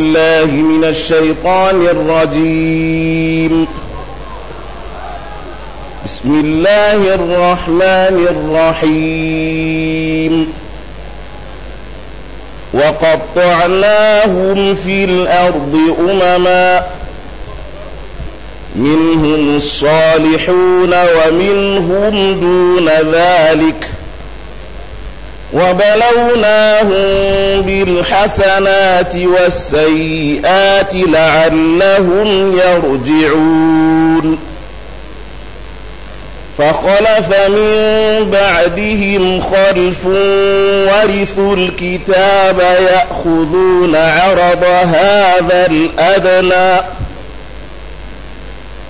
الله من الشيطان الرجيم بسم الله الرحمن الرحيم وقطعناهم في الأرض أمما منهم الصالحون ومنهم دون ذلك وبلوناهم بالحسنات والسيئات لعلهم يرجعون فخلف من بعدهم خلف ورثوا الكتاب يأخذون عرض هذا الأدنى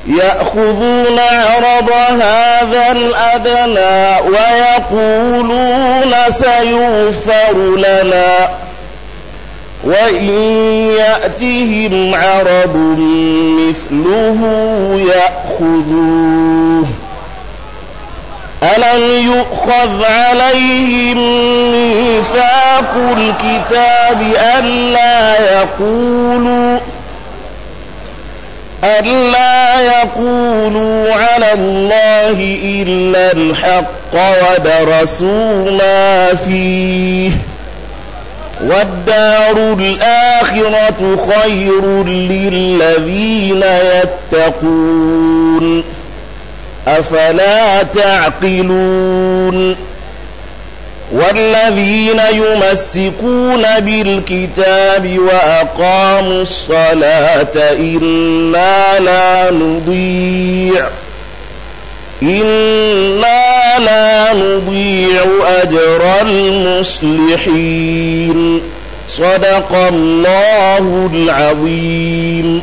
يأخذون عرض هذا الأدنى ويقولون سيغفر لنا وإن يأتهم عرض مثله يأخذوه ألم يؤخذ عليهم ميثاق الكتاب ألا يقولوا ألا يقولوا على الله إلا الحق ودرسوا ما فيه والدار الآخرة خير للذين يتقون أفلا تعقلون والذين يمسكون بالكتاب وأقاموا الصلاة إنا لا نضيع إنا لا نضيع أجر المصلحين صدق الله العظيم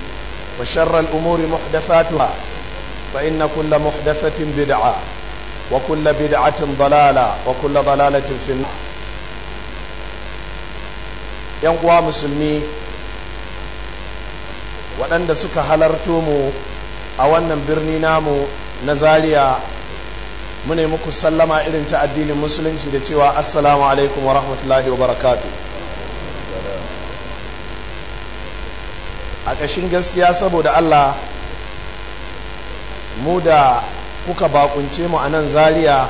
وشر الأمور محدثاتها فإن كل محدثة بدعة وكل بدعة ضلالة وكل ضلالة في النار ينقوى مسلمي waɗanda suka halarto mu a wannan birni namu na zaria mune muku sallama irin ta addinin musulunci da cewa assalamu alaikum wa rahmatullahi wa barakatu. a ƙashin gaskiya saboda Allah mu da kuka bakunce mu a nan Zariya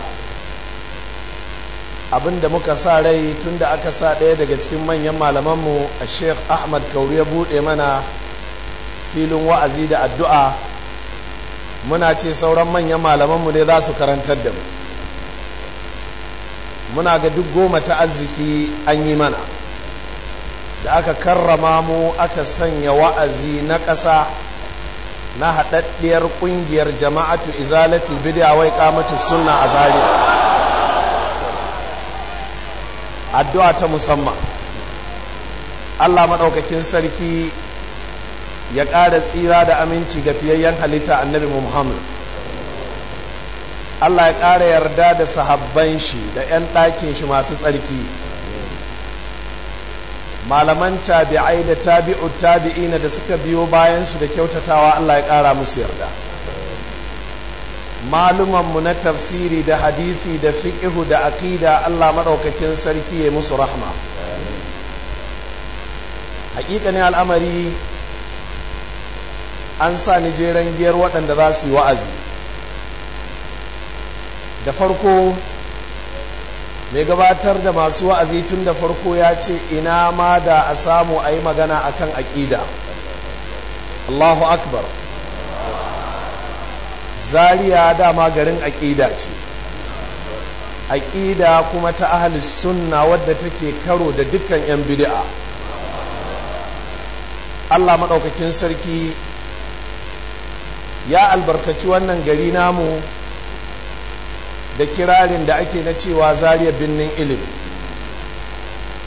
abinda muka sa rai tunda aka sa ɗaya daga cikin manyan malamanmu a sheikh ahmad kauri ya buɗe mana filin wa'azi da addu'a muna ce sauran manyan malamanmu ne za su karantar da mu muna ga duk goma ta arziki an yi mana da aka karrama mu aka sanya wa'azi na ƙasa na haɗaɗɗiyar ƙungiyar jama'atu izalatul bid'a wai ƙamatu sunna a zari addu'a ta musamman Allah maɗaukakin sarki ya ƙara tsira da aminci ga fiyayyen halitta annabi Muhammad Allah ya ƙara yarda da sahabban shi da 'yan ɗakin shi masu tsarki malaman tabi'ai da tabi'u tabi'ina da suka biyo bayan su da kyautatawa Allah ya ƙara musu yarda malumanmu na tafsiri da hadithi da fiƙihu da aƙida Allah maɗaukakin sarki ya musu rahma ne al'amari an sa ni jeran giyar waɗanda za su yi wa'azi da farko mai gabatar da masu wa'azi tun da farko ya ce ina ma da a samu a magana a kan aƙida allahu akbar zariya dama garin aƙida ce aƙida kuma ta ahalis sunna wadda take karo da dukkan 'yan bidi'a allah maɗaukakin sarki ya albarkaci wannan gari namu da kirarin da ake na cewa zariya birnin ilimi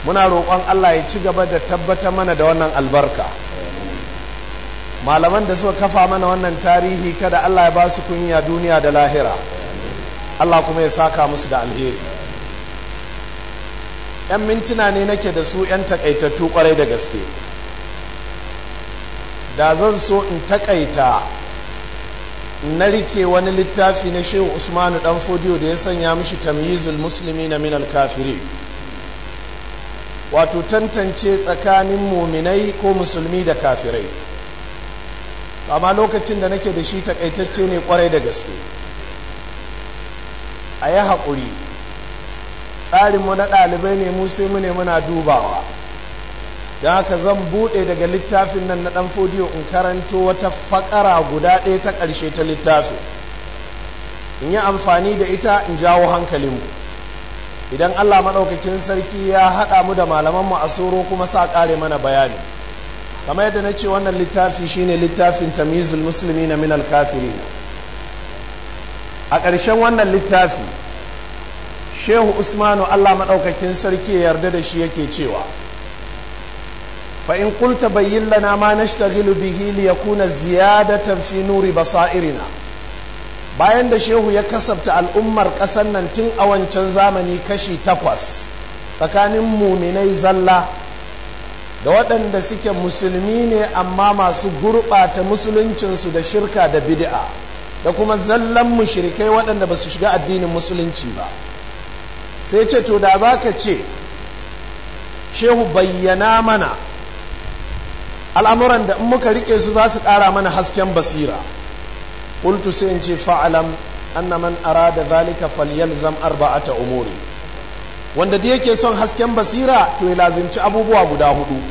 muna roƙon Allah ya ci gaba da tabbata mana da wannan albarka malaman da suka kafa mana wannan tarihi kada Allah ya ba su kunya duniya da lahira Allah kuma ya saka musu da alheri yan mintuna ne nake da su yan takaitattu kwarai da gaske da zan so in takaita na rike wani littafi na shehu usmanu dan fodiyo da ya sanya mishi tamyizul musulmi na min kafiri wato tantance tsakanin muminai ko musulmi da kafirai amma lokacin da nake da shi takaitacce ne kwarai da gaske a yi haƙuri tsarinmu na ɗalibai ne mu sai mune muna dubawa Da haka zan buɗe daga littafin nan na ɗan fodiyo in karanto wata faƙara guda ɗaya ta ƙarshe ta littafi. in yi amfani da ita in jawo hankalinmu idan allah maɗaukakin sarki ya haɗa mu da malamanmu a soro kuma sa ƙare mana bayani kamar yadda na ce wannan littafi shine littafin tamizul musulmi na minal kafiri a ƙarshen wannan littafi shehu usmanu allah maɗaukakin sarki ya yarda da shi yake cewa fa'in kulta na shi ta لنا ما kuna kuna ليكون tafi nuri ba sa'irina bayan da shehu ya kasabta al'ummar ƙasar nan tun a wancan zamani kashi takwas tsakanin muminai zalla da waɗanda suke musulmi ne amma masu gurɓata musuluncinsu da shirka da bid'a da kuma zallan mushrikai waɗanda ba su shiga addinin musulunci ba sai ce to da za ka ce shehu bayyana mana al'amuran da in muka riƙe su za su ƙara mana hasken basira qultu sai in ce fa'alam annaman ara da zalika falyalzam arba'ata umuri wanda da yake son hasken basira to ya lazimci abubuwa guda hudu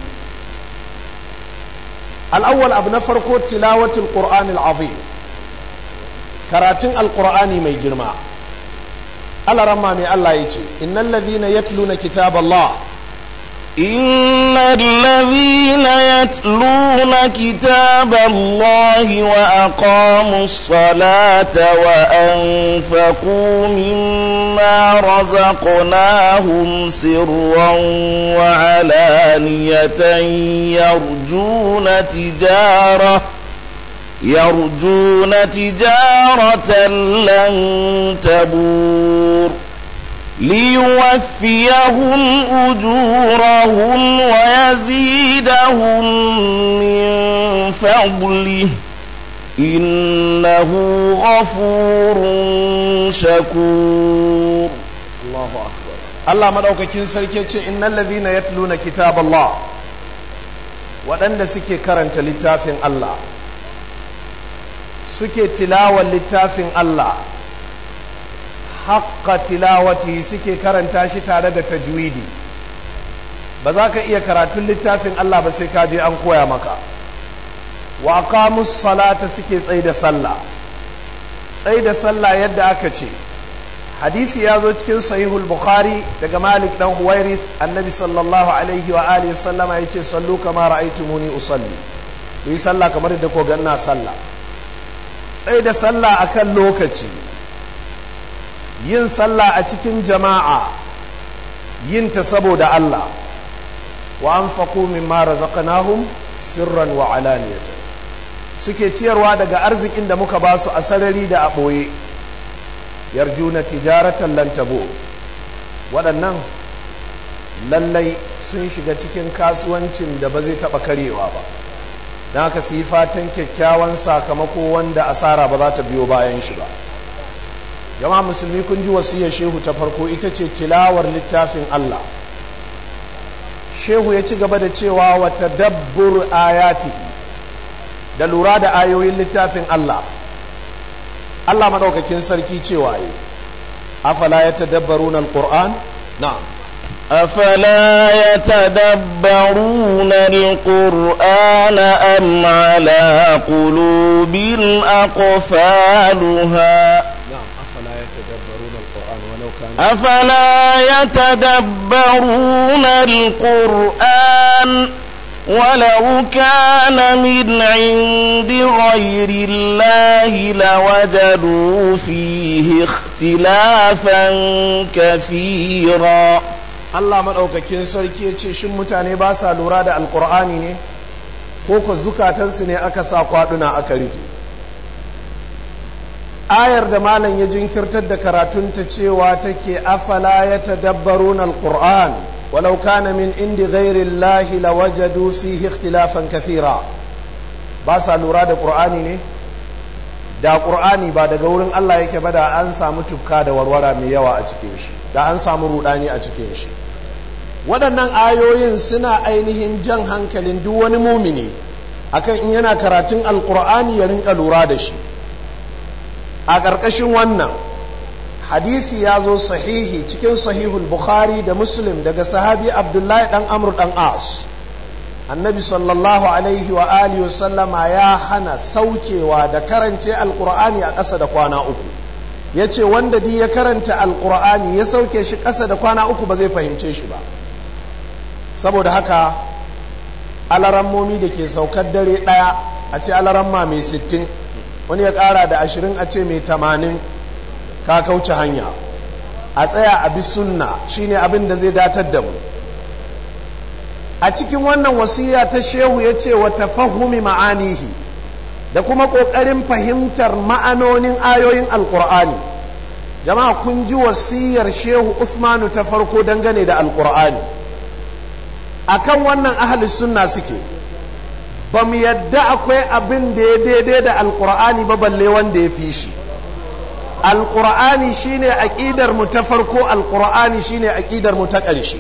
al'awwal abu na farko tilawatul qur'an al'azim karatun alqur'ani mai girma alaramma mai Allah ya ce innal lazina yatluna kitaballah إن الذين يتلون كتاب الله وأقاموا الصلاة وأنفقوا مما رزقناهم سرا وعلانية يرجون تجارة يرجون تجارة لن تبور ليوفيهم أجورهم ويزيدهم من فضله إنه غفور شكور الله أكبر الله مدعوكين سركيتي إن الذين يتلون كتاب الله waɗanda suke karanta littafin Allah suke tilawar littafin Allah haqqa tilawati suke karanta shi tare da tajwidi ba za ka iya karatun littafin Allah ba sai ka je an koya maka wa aqamus salata suke tsaye da sallah tsaye da sallah yadda aka ce hadisi ya zo cikin sahihul bukhari daga malik dan huwairis annabi sallallahu alaihi wa alihi sallama yace sallu kama ra'aytumuni usalli ku yi sallah kamar da ko ganna sallah tsaye da sallah akan lokaci yin sallah a cikin jama'a yin ta saboda Allah wa an faƙo min mara zaƙanahun sirran wa alaniyata suke ciyarwa daga arzikin da muka ba su a sarari da a ɓoye. yarjuna tijaratan lantabo waɗannan lallai sun shiga cikin kasuwancin da ba zai taɓa karewa ba Na haka su yi fatan kyakkyawan sakamako wanda asara ba za ta biyo bayan shi ba jama'a musulmi kun ji wasiyar shehu ta farko ita ce tilawar littafin Allah shehu ya ci gaba da cewa wata dabbur ayati da lura da ayoyin littafin Allah Allah madaukakin sarki cewa yi afala ya tadabbaruna alquran na'am أفلا يتدبرون القرآن أم على قلوب أقفالها أفلا يتدبرون القرآن ولو كان من عند غير الله لوجدوا فيه اختلافا كثيرا Allah maɗaukakin sarki ya ce shin mutane ba sa lura da alƙur'ani ne ko ku zukatansu ne aka sa kwaɗuna aka rike ayar da malam ya jinkirtar da karatunta cewa take afala ya na alkur'an walau kana min indi lahi llahi lawajadu fihi ikhtilafan kathira ba sa lura da qur'ani ne da qur'ani ba daga wurin Allah yake ba da an samu tufka da warwara mai yawa a cikin shi da an samu rudani a cikin shi waɗannan ayoyin suna ainihin jan hankalin duk wani mumini akan in yana karatun alkur'ani ya rinka lura da shi a ƙarƙashin wannan hadisi ya zo sahihi cikin sahihul bukhari da muslim daga sahabi abdullahi ɗan amr ɗan as annabi sallallahu alaihi wa alihi sallama ya hana saukewa da karance alqur'ani a ƙasa da kwana uku ya ce wanda di ya karanta alqur'ani ya sauke shi ƙasa da kwana uku ba zai fahimce shi ba saboda haka alarammomi da ke saukar dare ɗaya a ce alaramma mai sittin wani ya ƙara da ashirin a ce mai tamanin ka kauce hanya a tsaya a bi sunna shine abin da zai datar da mu a cikin wannan wasiya ta shehu ya ce wa tafahumi ma'anihi da kuma ƙoƙarin fahimtar ma'anonin ayoyin alƙur'ani jama'a kun ji wasiyar shehu usmanu ta farko dangane da alƙur'ani akan wannan ahalus sunna suke ba mu yadda akwai abin da ya daidai da alkur'ani ba balle wanda ya fi shi alkur'ani shine aƙidar mu ta farko alkur'ani shine aƙidar mu ta ƙarshe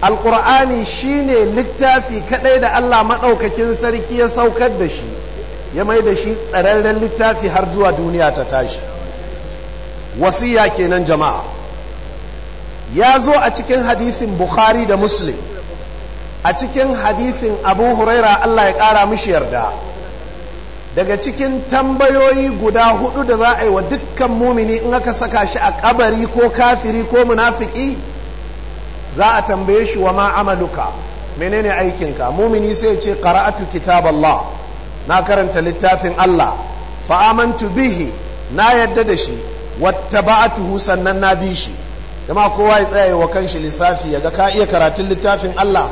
alkur'ani shine littafi kaɗai da allah maɗaukakin sarki ya saukar da shi ya mai da shi tsararren littafi har zuwa duniya ta tashi wasiya kenan jama'a ya zo a cikin hadisin bukhari da muslim a cikin hadisin abu huraira Allah ya ƙara mishi yarda daga cikin tambayoyi guda hudu da za a yi wa dukkan mumini in aka saka shi a kabari ko kafiri ko munafiki za a tambaye shi wa ma'amaluka menene aikinka mumini sai ce qara'atu kitab Allah na karanta littafin Allah fa'amantu bihi na yadda da shi wattaba'atuhu sannan na bi shi dama kowa ya tsaya wa kanshi lissafi ya ka iya karatun littafin Allah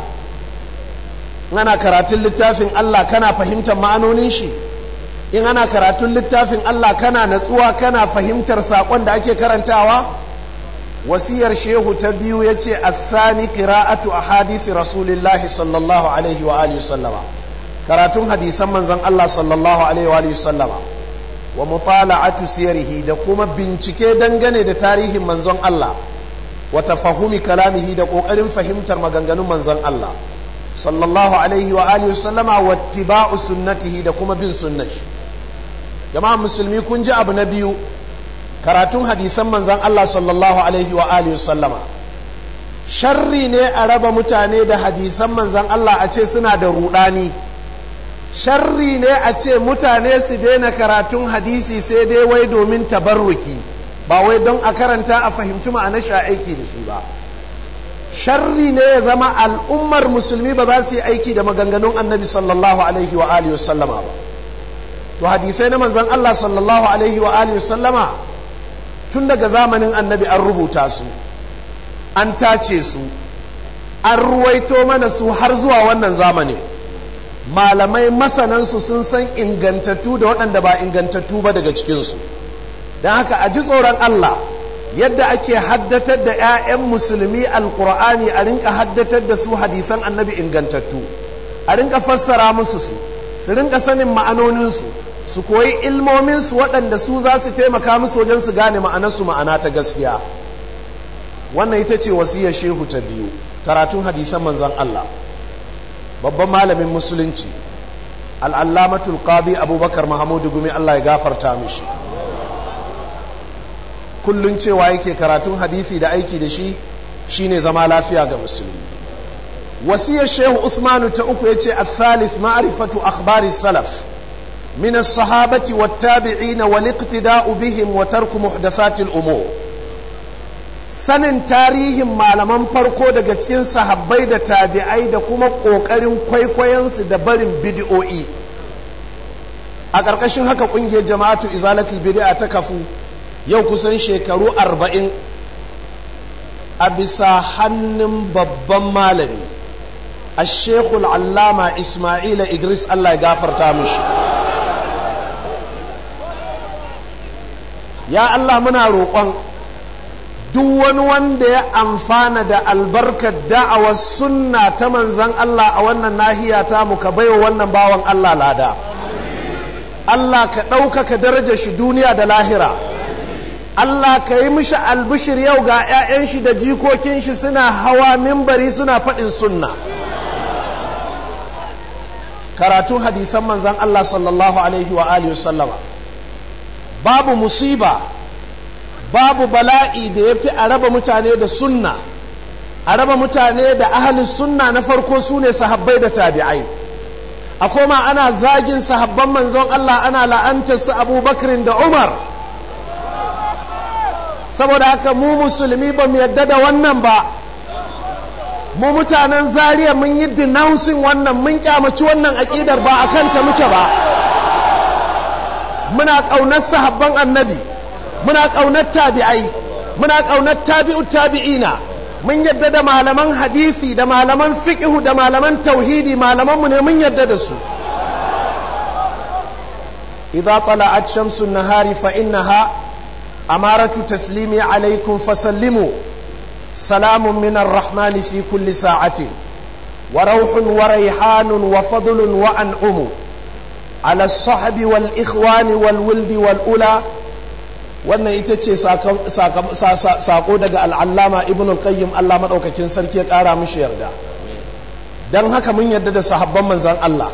in ana karatun littafin Allah kana fahimtar ma'anonin shi in ana karatun littafin Allah kana natsuwa kana fahimtar saƙon da ake karantawa wasiyar shehu ta biyu ya ce athani qira'atu a hadisi rasulillahi sallallahu alaihi wa alihi sallama karatun hadisan manzon Allah sallallahu alaihi wa alihi sallama wa mutala'atu siyarihi da kuma bincike dangane da tarihin manzon Allah wa tafahumi kalamihi da ƙoƙarin fahimtar maganganun manzon Allah sallallahu alaihi wa alihi wasallama wa tiba'u sunnatihi da kuma bin sunnar jama'a musulmi kun ji abu na biyu karatun hadisan manzan Allah sallallahu alaihi wa alihi wasallama sharri ne a raba mutane da hadisan manzan Allah a ce suna da rudani sharri ne a ce mutane su daina karatun hadisi sai dai wai domin tabarruki ba wai don a karanta a fahimci ma'anar sha aiki da shi ba sharri ne ya zama al'ummar musulmi ba za su yi aiki da maganganun annabi sallallahu alaihi wa alihi sallama ba to hadisai na manzon Allah sallallahu alaihi wa alihi sallama tun daga zamanin annabi an rubuta su an tace su an ruwaito mana su har zuwa wannan zamani malamai masanansu sun san ingantattu da waɗanda ba ingantattu ba daga cikinsu don haka a ji tsoron Allah yadda ake haddatar da 'ya'yan musulmi alkur'ani a rinka haddatar da su hadisan annabi ingantattu a rinka fassara musu su su rinka sanin ma'anoninsu su koyi ilmominsu waɗanda su za su taimaka musu wajen su gane ma'anarsu ma'ana ta gaskiya wannan ita ce wasiyar shehu ta biyu karatun hadisan manzon Allah babban malamin musulunci al'allamatul qadi abubakar mahamudu gumi Allah ya gafarta mishi kullun cewa yake karatun hadisi da aiki da shi shine zama lafiya ga musulmi wasiyar shehu usmanu ta uku ce a thalith ma'rifatu akhbari salaf min as-sahabati wat-tabi'in wal-iqtida'u bihim wa tarku muhdathat al-umur sanin tarihin malaman farko daga cikin sahabbai da tabi'ai da kuma ƙoƙarin kwaikwayonsu da barin bidi'o'i a ƙarƙashin haka ƙungiyar jama'atu izalatul bid'a ta kafu yau kusan shekaru arba'in a bisa hannun babban malami a shekul allama ismaila idris allah ya gafarta mishi ya allah muna roƙon duk wani wanda ya amfana da albarkar da'awar sunna ta manzan allah a wannan nahiya ta mu ka baiwa wannan bawan allah lada allah ka ɗaukaka daraja shi duniya da lahira Allah ka yi mishi albishir yau ga 'ya'yan shi da jikokin shi suna hawa mimbari suna faɗin sunna karatun hadisan manzan Allah sallallahu alaihi wa alihi sallama babu musiba babu bala'i da ya fi a raba mutane da sunna a raba mutane da ahalin sunna na farko su ne sahabbai da tabi'ai a koma ana zagin sahabban manzon Allah ana la'antar su da umar saboda haka mu musulmi ba mu yadda da wannan ba mu mutanen zariya mun yi denouncing wannan mun kyamaci wannan aƙidar ba a kanta muke ba muna ƙaunar sahabban annabi muna ƙaunar tabi'ai muna ƙaunar tabi'u tabi'ina mun yadda da malaman hadisi da malaman fiƙihu da malaman tauhidi mu ne mun yadda da su idza tala'at shamsu nahari fa innaha amaratu taslimi alaikum fasallimu salamun minar rahmani fi kulli sa'atin wa rauhun wa raihanun wa fadlun wa an'umu ala sahabi wal ikhwani wal wuldi wal ula wannan ita ce sako daga al'allama ibn al-qayyim Allah maɗaukakin sarki ya ƙara mishi yarda don haka mun yarda da sahabban manzan Allah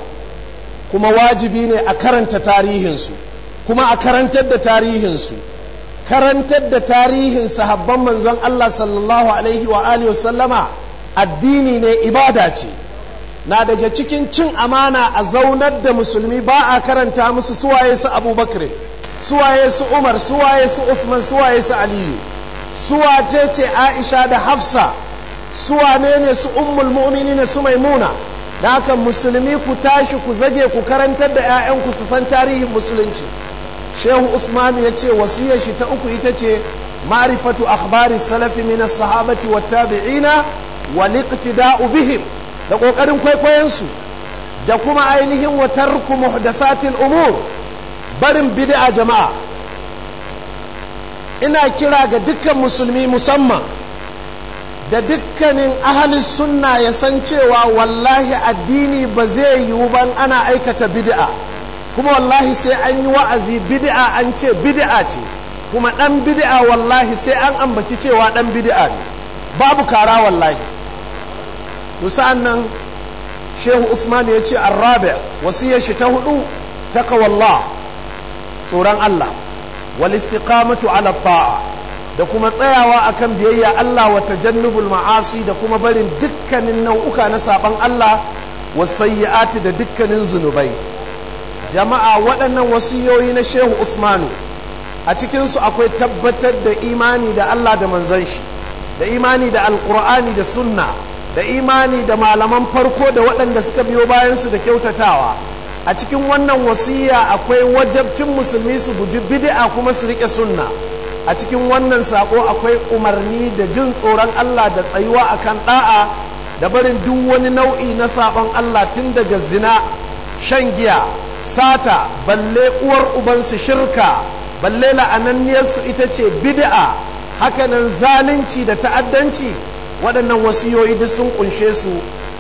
kuma wajibi ne a karanta tarihinsu kuma a karantar da tarihinsu karantar da tarihin sahabban manzon Allah sallallahu alaihi wa alihi sallama addini ne ibada ce na daga cikin cin amana a zaunar da musulmi ba a karanta musu suwaye su abubakar suwaye su umar suwaye su usman suwaye su aliyu suwace ce aisha da hafsa suwane ne su ummul mu'mini su maimuna da haka musulmi ku tashi ku zage ku karantar da 'ya'yanku su san tarihin musulunci shehu usman ya ce wasiyar shi ta uku ita ce ma'rifatu akhbari salafi min sahabati wa tabi'ina wa iqtida'u bihim da kokarin kwaikwayon su da kuma ainihin wa tarku muhdathatil umur barin bid'a jama'a ina kira ga dukkan musulmi musamman da dukkanin ahli sunna ya san cewa wallahi addini ba zai yiwu ban ana aikata bid'a kuma wallahi sai an yi wa'azi bid'a an ce bid'a ce kuma dan bid'a wallahi sai an ambaci cewa dan bid'a ne babu kara wallahi to sa'an nan shehu usman ya ce arrabi wasiyar shi ta hudu takawallah tsoron allah wal istiqamatu ala ta'a da kuma tsayawa akan biyayya Allah wa tajannubul ma'asi da kuma barin dukkanin nau'uka na saban Allah was da dukkanin zunubai jama'a waɗannan wasiyoyi na shehu usmanu a cikinsu akwai tabbatar da imani da allah da manzan shi da imani da alkur'ani da sunna da imani da malaman farko da waɗanda suka biyo bayansu da kyautatawa a cikin wannan wasiya akwai wajabcin musulmi su guji bid'a kuma su riƙe sunna a cikin wannan saƙo akwai umarni da jin tsoron allah da tsayuwa akan ɗa'a da barin duk wani nau'i na saɓon allah tun daga zina shan giya sata balle uwar ubansu shirka balle la'ananniyarsu ita ce bid'a hakanan zalunci da ta'addanci waɗannan wasiyoyi duk sun kunshe su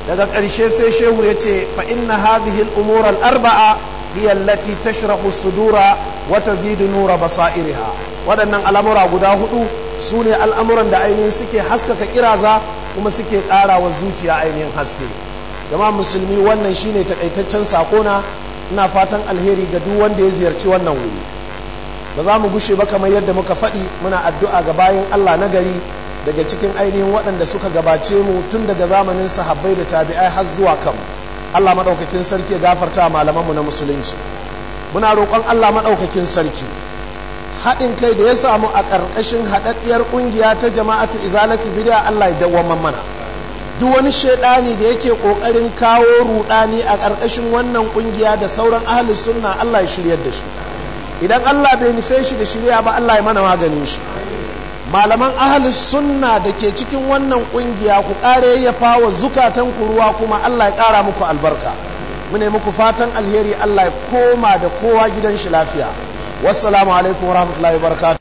daga ƙarshe sai shehu ya ce fa inna hadhihi al-umur al-arba'a hiya allati tashrahu sudura wa tazidu nura basairiha waɗannan al'amura guda hudu su ne al'amuran da ainihin suke haskaka kiraza kuma suke ƙara wa zuciya ainihin haske jama'a musulmi wannan shine takaitaccen sakona ina fatan alheri ga duk wanda ya ziyarci wannan wuri ba za mu gushe ba kamar yadda muka faɗi muna addu'a ga bayan Allah na gari daga cikin ainihin waɗanda suka gabace mu tun daga zamanin sahabbai da tabi'ai har zuwa kan Allah maɗaukakin sarki ya gafarta mu na musulunci muna roƙon Allah maɗaukakin sarki haɗin kai da ya samu a ƙarƙashin haɗaɗɗiyar ƙungiya ta jama'atu izalati bidiya Allah ya dawwamman mana duk wani shaidani da yake kokarin kawo rudani a ƙarƙashin wannan kungiya da sauran ahalus sunna Allah ya shiryar da shi idan Allah bai nufe shi da shirya ba Allah ya mana maganin shi malaman ahli sunna da ke cikin wannan kungiya ku ƙara ya wa zukatan ku ruwa kuma Allah ya ƙara muku albarka mu ne muku fatan alheri Allah ya koma da kowa gidan shi lafiya wassalamu alaikum warahmatullahi wabarakatuh